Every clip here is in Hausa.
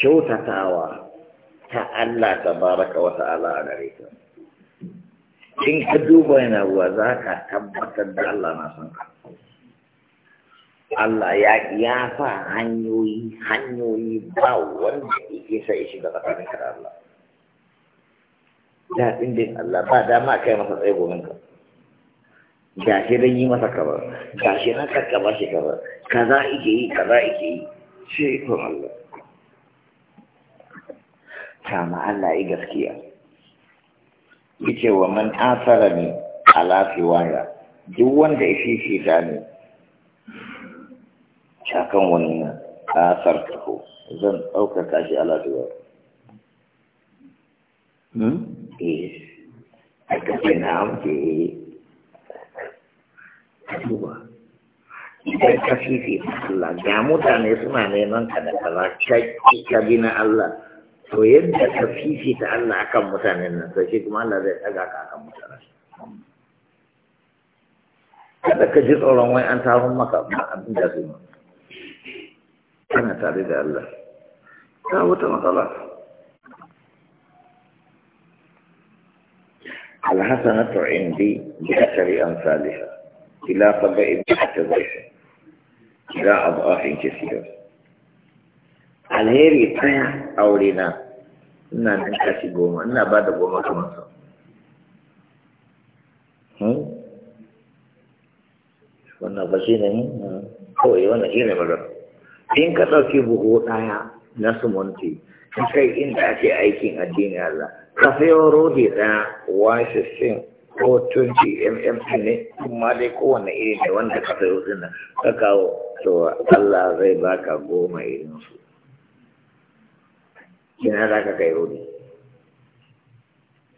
kyautatawa ta Allah ta baraka ta'ala a gare ka in ka duba yana ruwa za ka tabbatar da Allah na son ka Allah ya ya fa hanyoyi hanyoyi ba wanda yake sa ya shiga tsakanin ka da Allah daɗin din Allah ba dama kai masa tsaye gomin ka ga shi dan yi masa kabar ga shi na kakka shi kabar kaza ike yi kaza ike yi sai ikon Allah kama Allah yi gaskiya yace wa man asara a ala siwaya duk wanda ya fi shi gane cakan wani na asar taho zan ɗaukaka shi ala siwaya hmm? eh aka ce na amke eh. duba idan ka fifi Allah ga mutane suna neman ka da kaza ka bi na Allah to yadda ka fifita Allah akan mutanen nan to shi kuma Allah zai ɗaga ka akan mutanen kada ka ji tsoron wai an taro maka abin da su kana tare da Allah ta wata matsala الحسنة عندي بعشر أمثالها إلى سبع بعشر إلى أضعاف كثيرة alheri ɗaya a na ina nan kashi goma ina ba da goma kuma sa hmm? wannan ba shi ne hmm? kawai wannan shi ne magana in ka ɗauki buhu ɗaya na sumunti in kai inda ake aikin addini Allah ka sayo rodi ɗaya washe sin ko 20 mm ne kuma dai kowane iri ne wanda ka sayo suna ka kawo to Allah zai baka goma irin su. ina za ka kai roni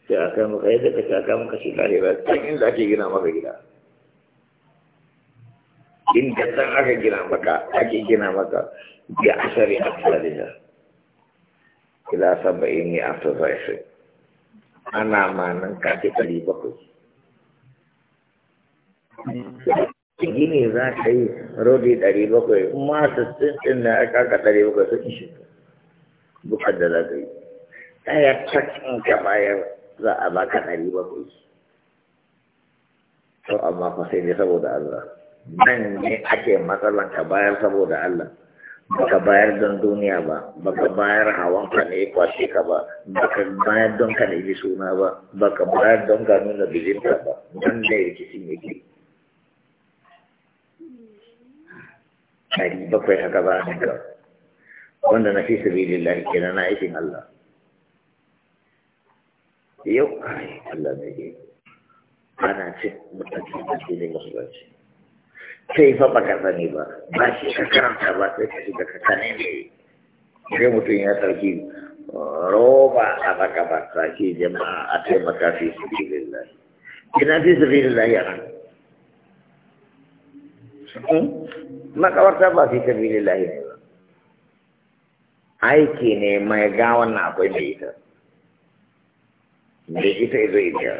sai a kai maka yadda ka shaka maka shi kare ba in da ake gina maka gida in da ta aka gina maka ake gina maka bi ashari amsalina ila saba'ini after five ana ma nan kafi ɗari bakwai gini za ka yi rodi ɗari bakwai ma sassin ɗin na aka ɗari bakwai sun shi bukar da za ka yi ɗaya cakin ka bayar za a baka ɗari bakwai to amma fa sai ne saboda Allah nan ne ake matsalan ka bayar saboda Allah baka bayar don duniya ba baka bayar hawan ka ne kwashe ka ba baka bayar don ka yi suna ba baka bayar don ka nuna ka ba don da rikicin yake ɗari bakwai haka ba a wanda na fi sabilillah kenan na aikin Allah yau ai Allah ne ke ana ce mutaki da shi ne musulunci sai fa baka sani ba ba shi ka karanta ba sai ka shiga ka kane ne sai mutum ya sarki roba a baka ba sake jama'a a taimaka fi sabilillah kina fi sabilillah ya ran hmm? makawarta ba fi sabilillah ne aiki ne mai gawan na akwai mai ita mai ita zai biya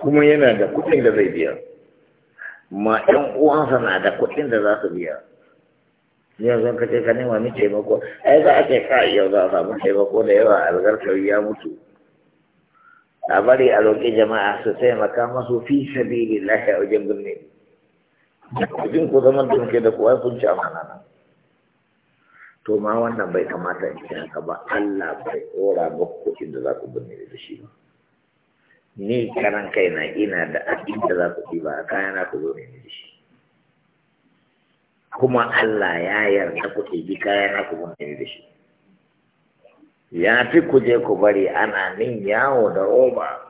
kuma yana da kuɗin da zai biya ma ɗan uwansa na da kuɗin da za su biya yanzu zan ce ka nema mi taimako ai za a ce ka yau za a samu taimako da yawa algarkar ya mutu a bari a roƙi jama'a su taimaka masu fi sabilillahi a wajen birni duk ku zama da muke da kuwa sun ci amana nan to ma wannan bai kamata in kira ka ba Allah bai tsora ba ko inda za ku binne da shi ba ni karan kaina ina da inda za ku ci ba kayana ku zo ne da shi kuma Allah ya yarda ku ɗebi kayana ku binne da shi ya fi ku je ku bari ana min yawo da roba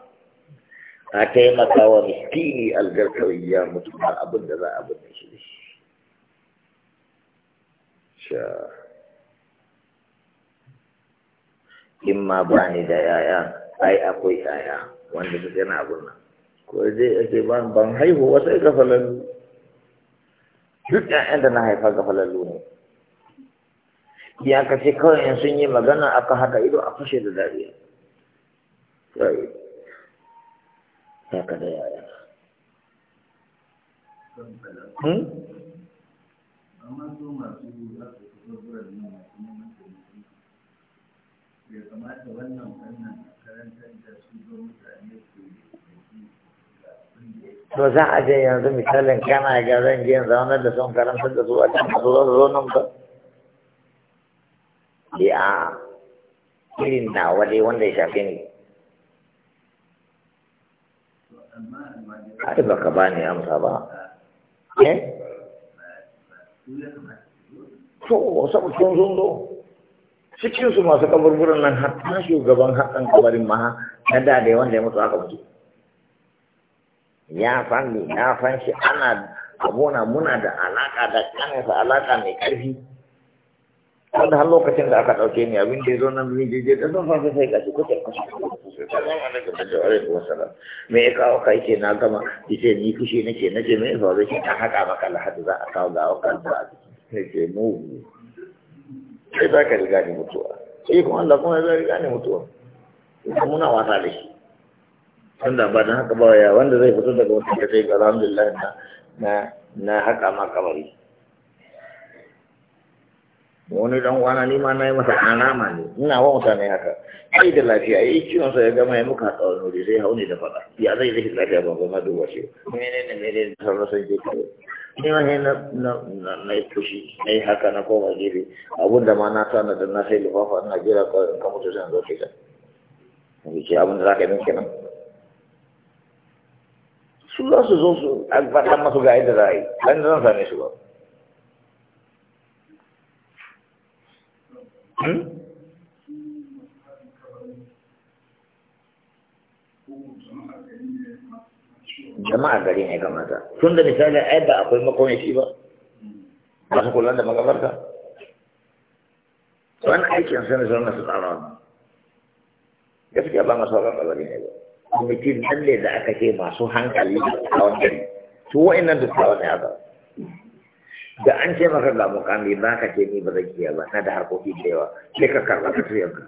a taimaka wa miskini algarkawi ya mutu ba abin da za a binne shi da shi. in ma ba ni da yaya ai akwai yaya wanda duk yana abun nan ko zai ake ban ban haihuwa sai ga falalu duk ƴaƴan da na haifa ga falalu ne ya kace kawai in sun yi magana aka haka ido a fashe da dariya sai haka da yaya hmm? bai kamata wannan wannan karantar da su zo mutane su to za a je yanzu misalin kana ga zan je zaunar da son karantar da su a can a zo nan ba ya irin nawa dai wanda ya shafi ni ai baka ba amsa ba eh to sabu sun zo su masu kaburburan nan ta shugaban haɗin kabarin maha na da da wanda ya mutu aka mutu ya fanni na fanshi ana abona muna da alaka da kanasa alaka mai ƙarfi wanda har lokacin da aka ɗauke ni abin da ya zo nan zai jeje da zan sai sai gashi kuka kusa me ya kawo ka yake na gama yace ni fushi nake nace me ya faru shi ta haka maka lahadi za a kawo ga wakar da a cikin sai ce mugu sai za ka riga ni mutuwa sai kuma Allah kuma zai riga ni mutuwa kuma muna wasa da shi wanda ba don haka ba ya wanda zai fito daga wata ta sai alhamdulillah na na haka ma kabari wani dan wana ni ma nayi masa alama ne ina wa mutane haka ai da lafiya ai kiwon sa ya gama ya muka tsawon wuri sai hauni da fada ya zai zai lafiya ba ba ma duba shi menene menene sarrafa sai ke ni ma na na na fushi na yi haka na koma gefe abun da ma na sa na da na sai lufafa na jira kawai in ka mutu zan zo fita da ce abin da za ka yi min kenan su za su zo su a faɗa masu ga yadda za a yi ɗan zan same su ba hmm? jama'a gari ne kamata tun da misali ai ba akwai makomashi ba ba su kula da magabarta wani aikin sani sun nasu tsara wani gaskiya ba masu wakar tsarari ne ba kwamiti nan ne da aka ce masu hankali tsawon gari su nan da tsawon ya ba, da an ce maka ga mukami ba ka ce ni ba zai kiyar ba na da harkoki da yawa sai ka karɓa ka tuyar ka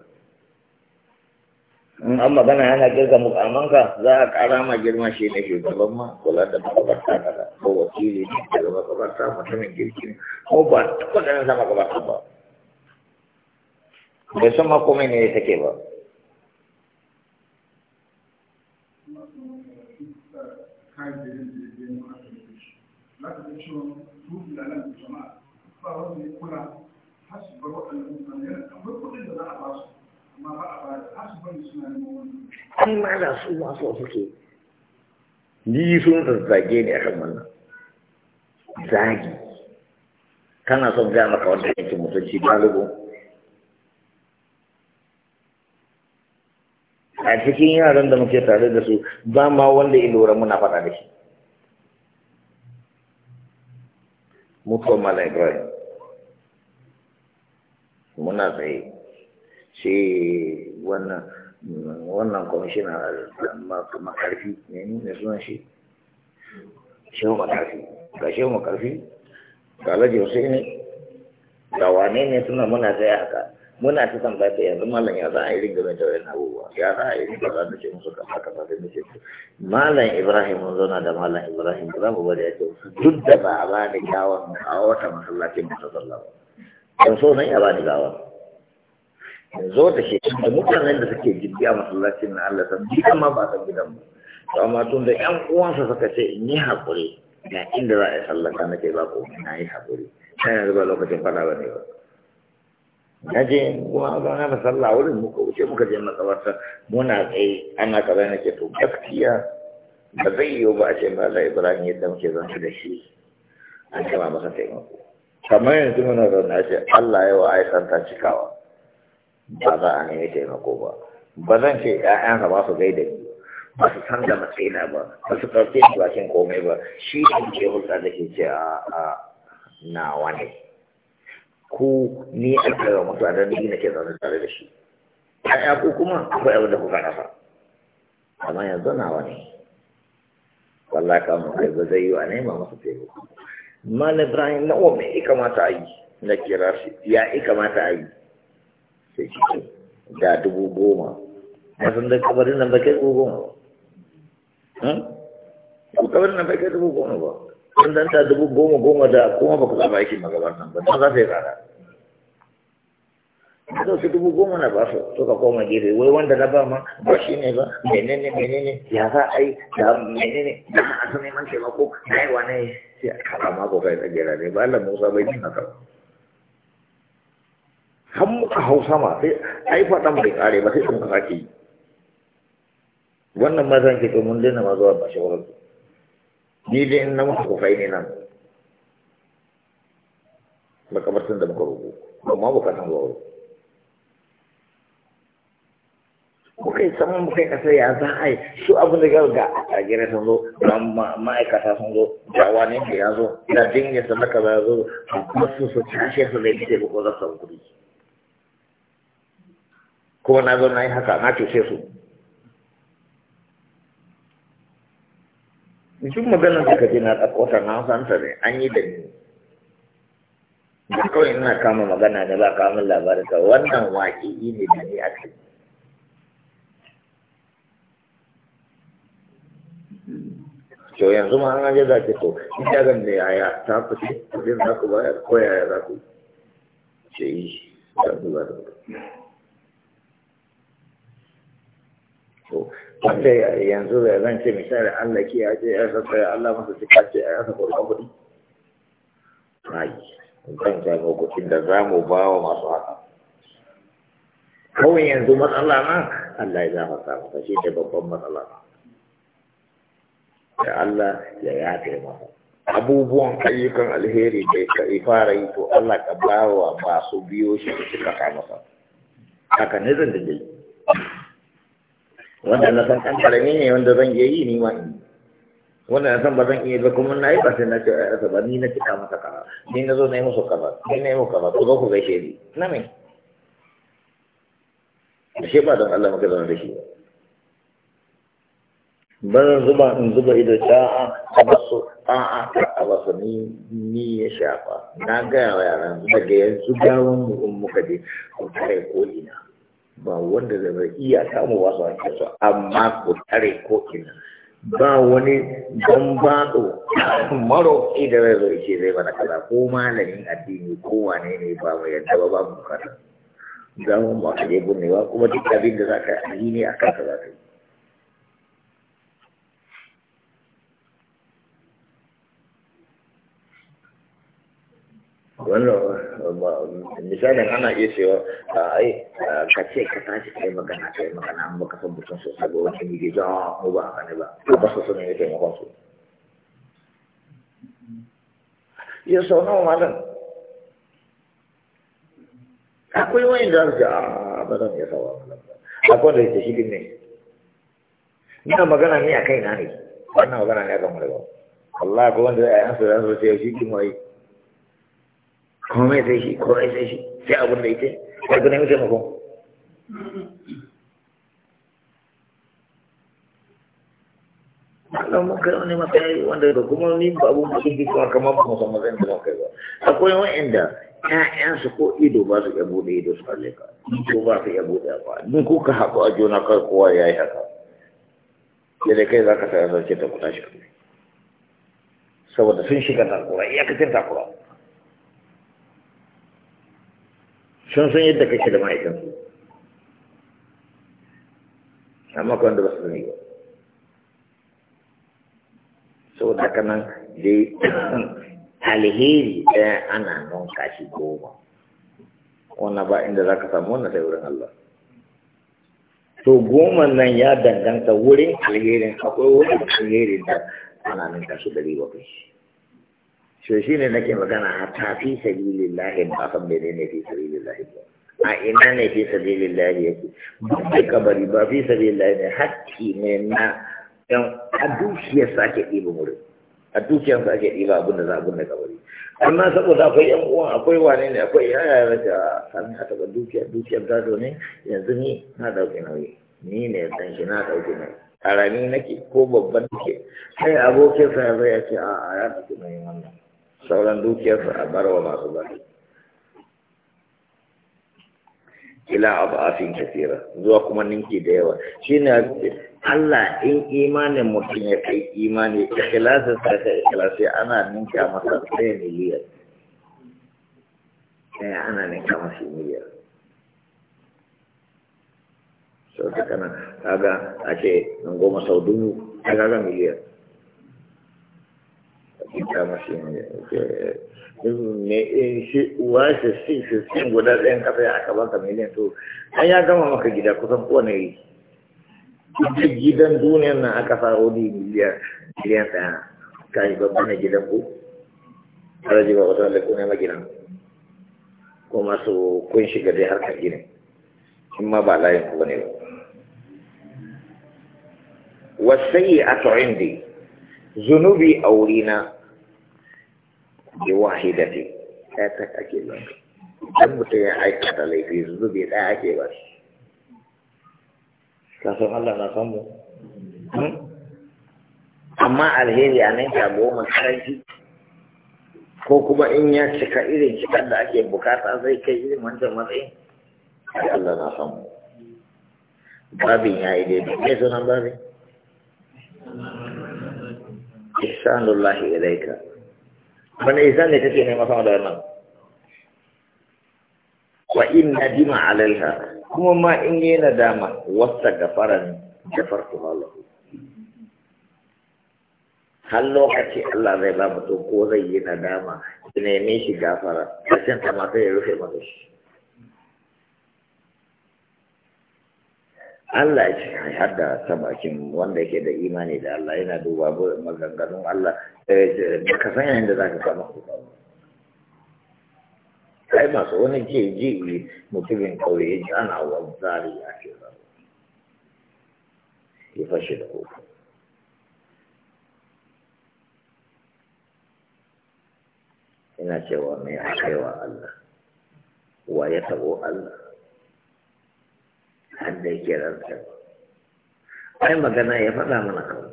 in an magana yana girga mukamanka za a kara ma girma shi ne shugaban ma kula da makabarta kada ko wakili ne daga makabarta mutumin girki ne ko ba taɓa ganin sa makabarta ba bai san ma ne ya take ba ba wanda ya kula har su bar waɗannan mutane akwai kuɗin da za a ba ai ma da su ma so suke ni sun zazzage ne a kan wannan zagi kana son gaya maka wanda yake mutunci galibu a cikin yaran da muke tare da su ba ma wanda ya lura muna faɗa da shi mutuwar mala ibrahim muna tsaye Sai wannan wannan kwamishina makarfi ne ne sunan shi shehu makarfi ga shehu makarfi ga alhaji wasu ne ga wane ne suna muna zai haka muna ta tambaya ta yanzu malam ya za a yi rigar mai da wani abubuwa ya za a yi rigar da ce musu kasa kasa sai mu ce malam ibrahim mun zauna da malam ibrahim ba za mu bada ya ce duk da ba a ba da kyawun a wata masallacin masasalla ba yanzu nan ya ba ni gawa Yanzu da ke da mutanen da suke jirgiya masallacin na Allah san gidan ma ba san gidan ba to amma tun da ƴan uwansa suka ce in yi haƙuri ga inda za a yi sallaka na ke ba na yi haƙuri sai yanzu ba lokacin fada ba ne ba na je kuma ga na sallah wurin muka wuce muka je makabarta muna tsaye ana kaza ke to gaskiya ba zai yiwu ba a ce mala ibrahim yadda muke zan da shi an kama masa taimako kamar yanzu muna zaune a ce Allah ya wa aikanta cikawa ba za a nemi taimako ba ba zan ce ‘ya’yansa ba su gaida ni ba su san da matsayina ba ba su karfe shi bakin komai ba shi ne ke hulɗa da ke ce a nawa ne ku ni a kira mutu a dan na ke zaune tare da shi ƴaƴa ku kuma akwai abin da ku kuka rasa amma yanzu nawa ne wallahi ka mu kai ba zai yi wa nema masa taimako malam ibrahim na uwa me ya kamata a yi na kira shi ya ya kamata a yi sai da dubu goma da kabarin nan dubu goma ba hmm? kabarin nan dubu goma ba sun dubu goma goma da kuma ba ku aiki magabar nan ba za su yi ka dubu goma na ba su suka koma gefe wai wanda na ba ma ba shi ne ba menene menene ya za a yi da menene da a su neman taimako na yi sai a kama ko kai tsagera ne ba Allah Musa bai haka har muka hau sama sai ai faɗan bai ƙare ba sai sun ka sake yi wannan mazan ke to mun daina ma zuwa ba shawarar ni dai in na muka kufai ne nan makabartan da muka rubu amma bukatan zuwa wuri muka yi saman muka yi kasar ya za a yi su abin da ga a gina sun zo ga ma'aikata sun zo jawa ne ya zo da dingin sa maka ba ya zo a kuma su su cashe su ne ke sai ko za su kuɗi kuma na zo na yi haka na cuce su jin maganar da kaje na ɗaukota na ta ne an yi da ni da kawai ina kama magana ne ba kamun labarin ka wannan waƙi yi ne da ni a kai to yanzu ma an aje za ki to in ya gan da yaya ta fice kudin za ku bayar ko yaya za ku ce yi ta zuwa da to wanda yanzu da zan ce misali Allah ke ya ce ya sassa ya Allah masa cika ce ya sassa kuma kuɗi rai zan samu kuɗin da za mu ba wa masu haka kawai yanzu matsala na Allah ya zama sa masa shi ne babban matsala da Allah ya yafe masa abubuwan ayyukan alheri da ya fara yi to Allah ka ba wa masu biyo shi da suka masa haka ne zan da wanda na san ɗan ne wanda zan iya yi ni ma in wanda na san ba zan iya ba kuma na yi ba sai na ce a yasa ba ni na cika masa kaza ni na zo na yi musu kaza ni na yi musu kaza ku zo ku gaishe ni na me shi ba don Allah muka zama da shi ba zan zuba in zuba ido ta a basu a'a a basu ni ni ya shafa na gaya wa yaran daga yanzu gawon mu in muka je ku kare ko ina ba wanda zai iya samu wasu ake su amma ko tare ko ina ba wani ɗo maroƙi da zai zo ce zai mana kaza ko malamin addini ko wane ne ba mu yadda ba ba mu kasa za mu masu je kuma duk abin da za ka yi ne a ka za ka yi wannan misalin ana iya cewa ai ka ce ka tashi kai magana kai magana an baka san mutum sosai ba wani ne ke jawa ko ba haka ne ba ko ba su suna yi taimakon su ya sau nawa malam akwai wani da su a ba zan iya sawa malam akwai da ke shigin ne ina magana ne a kai na ne wannan magana ne a kan wani ba Allah ko wanda ya yi hansu da hansu ya shi kin wayi komai sai shi komai sai shi sai abun da yake karbi nemi taimako Allah mun kai wani mafi wanda da kuma ni ba abun da kike kuma kamar ba musamman zan da kai ba akwai wa'anda ƴaƴansu ko ido ba su iya buɗe ido su kalle ka ko ba su iya buɗe ba ni ko ka haɗu a juna kai kowa ya yi haka sai kai za ka sa ya ta kuɗa shi saboda sun shiga takura iyakacin takura sun san yadda kake da ma'aikansu amma kan da ba su ne ba saboda haka nan dai alheri ɗaya ana nonka shi goma wannan ba inda za ka samu wannan sai wurin Allah to goma nan ya danganta wurin alherin akwai wurin alherin da ana ninka shi dari bakwai to shi ne nake magana a tafi sabilillahi ba mene ne fi sabilillahi ba a ina ne fi sabilillahi yake ba kabari ba fi sabilillahi ne hakki ne na yan a sa ake ɗiba wurin a sa ake ɗiba abin da za a binne kabari amma saboda akwai yan uwan akwai wane ne akwai yaya a sami a taɓa dukiyar dukiyar gado ne yanzu ni na ɗauki nauyi ni ne dan shi na ɗauki nauyi Karami nake ko babban nake sai abokin sa zai ya ce a ya ɗauki nauyi sauran dukiyarsa a barwa masu bari ila abafin kafira zuwa kuma ninki da yawa shine Allah in imanin mutum ya kai imani ikhlasin sa da ikhlasi ana ninka masa ɗaya miliyan ɗaya eh, ana ninka masa miliyan sau da kana kaga a ce goma sau dubu kaga miliyan ita mashi ne shi uwa shi shi shi guda ɗayan kasa ya aka baka miliyan to an ya gama maka gida kusan kowane yi gidan duniyar nan aka sa wani miliyan miliyan ɗaya ka yi babban na gidan ku har ji ba wata da kuna magina kuma su kun shiga dai harkar gini in ma ba layin ku ne ba Wasai a tsohon indi zunubi a wurina bi wahidati ɗaya ta ake ba dan mutum ya aikata laifi zubi ɗaya ake ba kafin Allah na san mu hmm? amma alheri a nan ta goma karanci ko kuma in ya cika irin cikar da ake bukata zai kai irin wancan matsayin sai Allah na san mu babin ya yi daidai ne sunan babin ihsanullahi ilaika Mana izan ne ce nema sama da wannan wa in nadima alaiha kuma ma in yi nadama wasta gafaran gafar kuma Allah har lokaci Allah zai ba mutum ko zai yi nadama ya neme shi gafara kashin ta ma ya rufe masa shi Allah ya ce har da ta bakin wanda yake da imani da Allah yana duba maganganun Allah eh, da ka san yadda za ka kama ku kawo. Kai masu wani ke ji mutumin kauye ya ji ana wanzari a ke zaro. Ya fashe da kofa. Ina cewa mai akewa Allah, wa ya tabo Allah. abin da yake rantsar ai magana ya faɗa mana kawai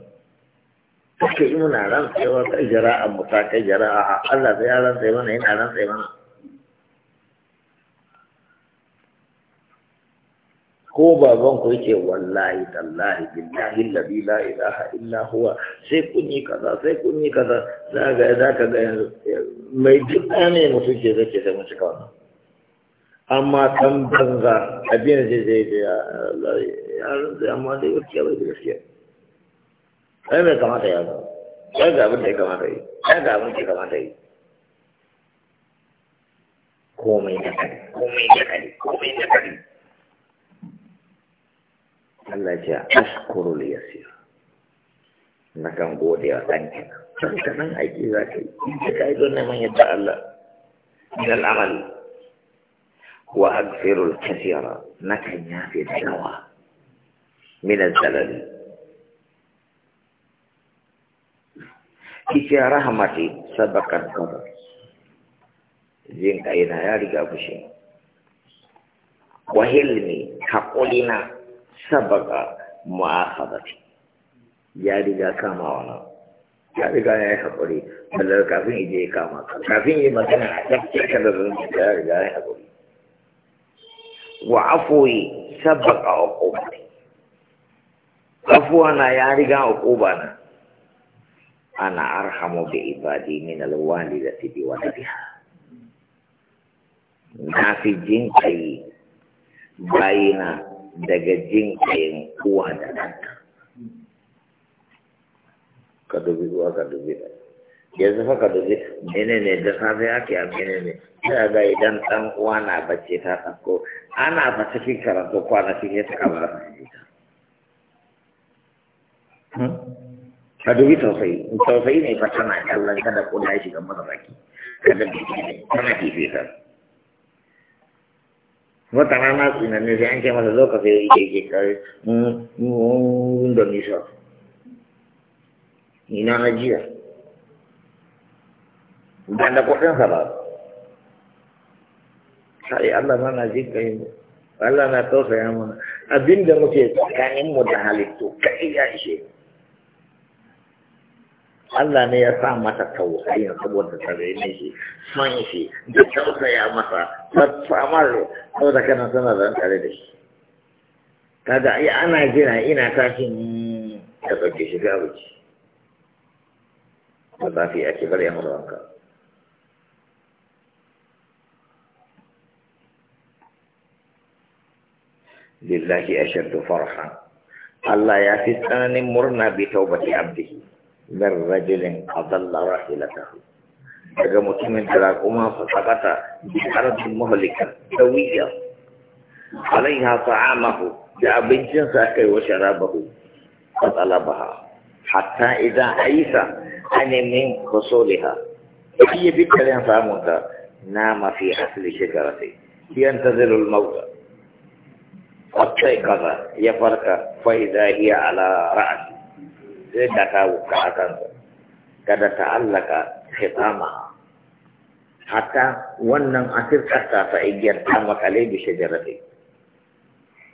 take yi muna rantsewa kai jara'a mu ta kai jara'a Allah sai ya rantsa mana yana rantsa mana ko baban ku yake wallahi tallahi billahi alladhi la ilaha illa huwa sai kun yi kaza sai kun yi kaza za ga za ka ga mai duk ne mutum ke ke sai mun cika wannan amma kan banza abin da zai zai yaran da amma da gaskiya bai da gaskiya ai mai kamata ya zo ya ga abin da ya kamata yi ya ga abin da ya kamata yi komai na kari komai na kari komai da kari Allah ya ashkuru ya siya. na kan gode wa ɗanki kan kanan aiki za ka yi in ka yi don neman yadda Allah min al'amali وأكثر الكثير نكن في الدواء من الزلل Kisah rahmati sabakan kabar. Jin kaina ya riga fushi. Wa hilmi hakulina sabaka mu'akhadati. Ya riga kama wannan. Ya riga ya yi hakuri. Allah kafin ije kama. Kafin yi magana a tsakiyar da zan ya riga ya hakuri. wa afoyi sabaka uqubati afuwa na ya riga uquba na ana arhamu da ibadi min alwalidati da waladiha na fi jin kai bayina daga jin kayin uwa da ɗanta yanzu haka da zai mene ne da safe ake a mene ne sai ga idan dan uwa na bacci ta ɗauko ana ba cikin karatu kwana cikin ta kamar hmm? ka dubi tausayi tausayi ne fa tana kallon kada kuna ya shiga masa baki kada biki ne tana kife ta wata rana tsina ne sai an ce masa zo ka sai yake ke kare da nisa ina na jiya ba da kuɗinsa ba sai Allah ma na yin kai Allah na tausaya mana abinda muke tsakanin mu da halittu kai ya ishe Allah ne ya sa mata hmm. tausayin saboda tare ne shi son shi da tausaya masa tsamar saboda kana sana da tare da shi kaga ai ana jira ina tashi ka dauke shi ga wuce ba za ka ake bari ya mura wanka lillahi ashaddu farha Allah ya fi tsananin murna bi taubati abdihi min rajulin adalla rahilatahu daga mutumin da raƙuma fa sakata bi arabin muhlikan dawiya alaiha ta'amahu da abincinsa kai wa sharabahu fa talabaha hatta idan aisa ane min kusuliha iya bi kalian samunta nama fi asli shajarati yantazilu al-mawt ya farka فإذا هي ala رأسه sai ta wuka a kansa kada ta allaka khitama hatta wannan asir kasta ta igiyar ta makale da shajarati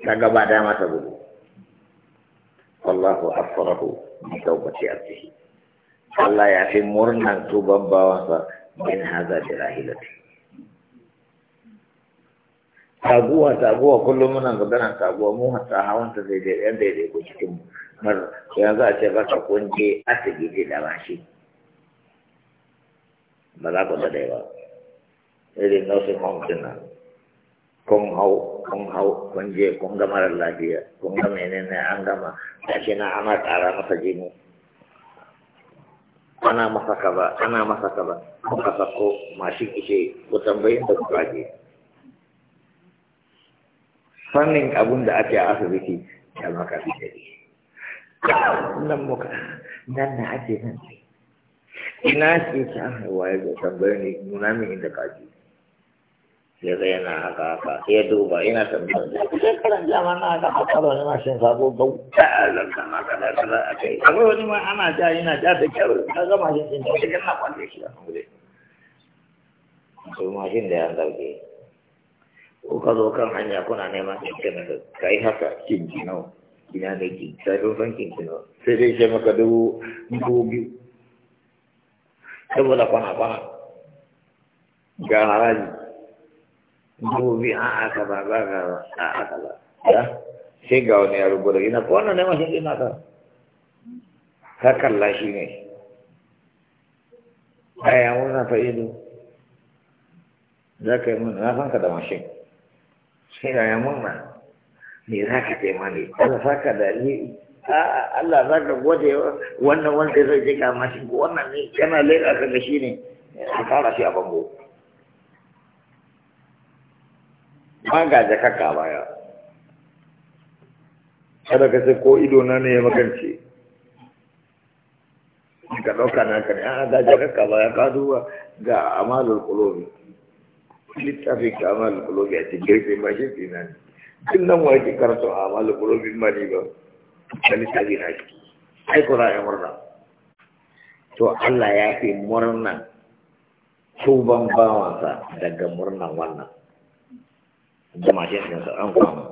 ta gaba da mata gudu wallahu afsarahu bi tawbati abdihi Allah ya fi murnan tuban bawansa min hadha dirahilati taguwa taguwa kullum muna maganar taguwa mu hatta hawan ta daidai ɗan daidai ko cikin mar yanzu a ce baka kun je asibiti da bashi ba za ku da dai ba irin nausin hankali na kun hau kun hau kun je kun ga marar lafiya kun ga menene an gama gashi na ana tsara masa jini ana masa kaza ana masa kaza kuka sako mashin ishe ku tambayin da kuka je sanin abin da ake asibiti ya maka fi dare nan muka nan na ake nan ina ce ta haihuwa ya zo tambayar ne nuna min inda kaji ya zai yana haka haka sai ya duba ina tambayar da ya shekaran jama na haka a tsaro ne mashin sabo gau ta alaka ma ka da kala a kai akwai wani ma ana ja yana ja da kyau ka ga mashin din da shi na kwanje shi a kan wuri to mashin da ya zarge ko ka zo kan hanya kuna neman kinkina da ka yi haka kinkinau ina da ki sai kun san kinkinau sai dai ce maka dubu dubu biyu saboda kwana kwana ga haraji dubu biyu a aka ba ba ka a aka ba ya sai ga wani ya rubuta ina ko wannan neman kinkina ka ka kalla shi ne aya wannan fa'idu. za ka yi mun na san da mashin yaya murna ne za ka ce mani Allah za ka da ni Allah za ka gode wannan wanda zai je kama shi wannan ne kana lera ka ga shi ne a fara shi a bango ba ga jaka ka baya kada ka ce ko ido na ne ya makance ka ɗauka na ka ne a da ja ka baya ka duba ga amalar kulomi. littafi ka amal kulobi a cikin girbe ma shi tsina ne tun nan wa yake karatu a amal kulobi ma ne ba ta littafi na ciki ai kuna ya murna to Allah ya fi murnan tuban bawansa daga murnan wannan da mashin ɗinsa an kwamma